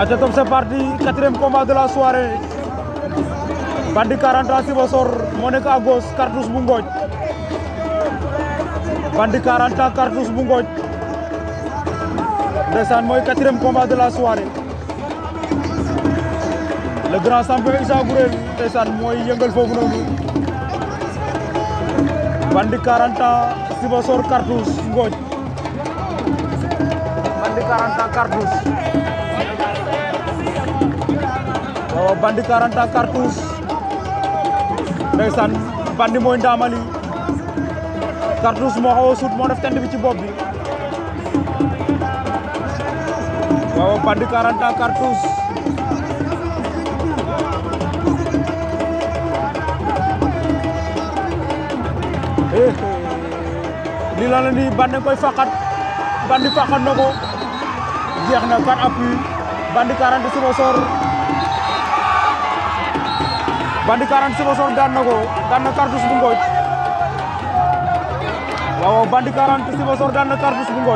aca Top c'est parti quatrième combat de la soirée Bandit 43 Sibassor moo nekk à bu Ngothie Bandit 43 Cartouche bu Ngothie ndeysaan mooy quatrième combat de la soirée le grand champion Issa Gurel ndeysaan mooy yëngal foofu noonu Bandit 43 Sibassor Cartouche Ngothie Bandit 43 Cartouche Oh, bandi karanta kartus. Ndaysan bandi moy ndamali. Kartus mo xaw suut mo def tend bi ci bobbi. Oh, bandi karanta kartus. Eh, Li la la ni bandi koy fakat. Bandi fakat nako. Jeexna kan appui. Bandi karanta suma sor. Bandi 40 Sibassor dan na ko Cartouche bu Ngothie waaw Bandi 40 Sibassor daan Cartouche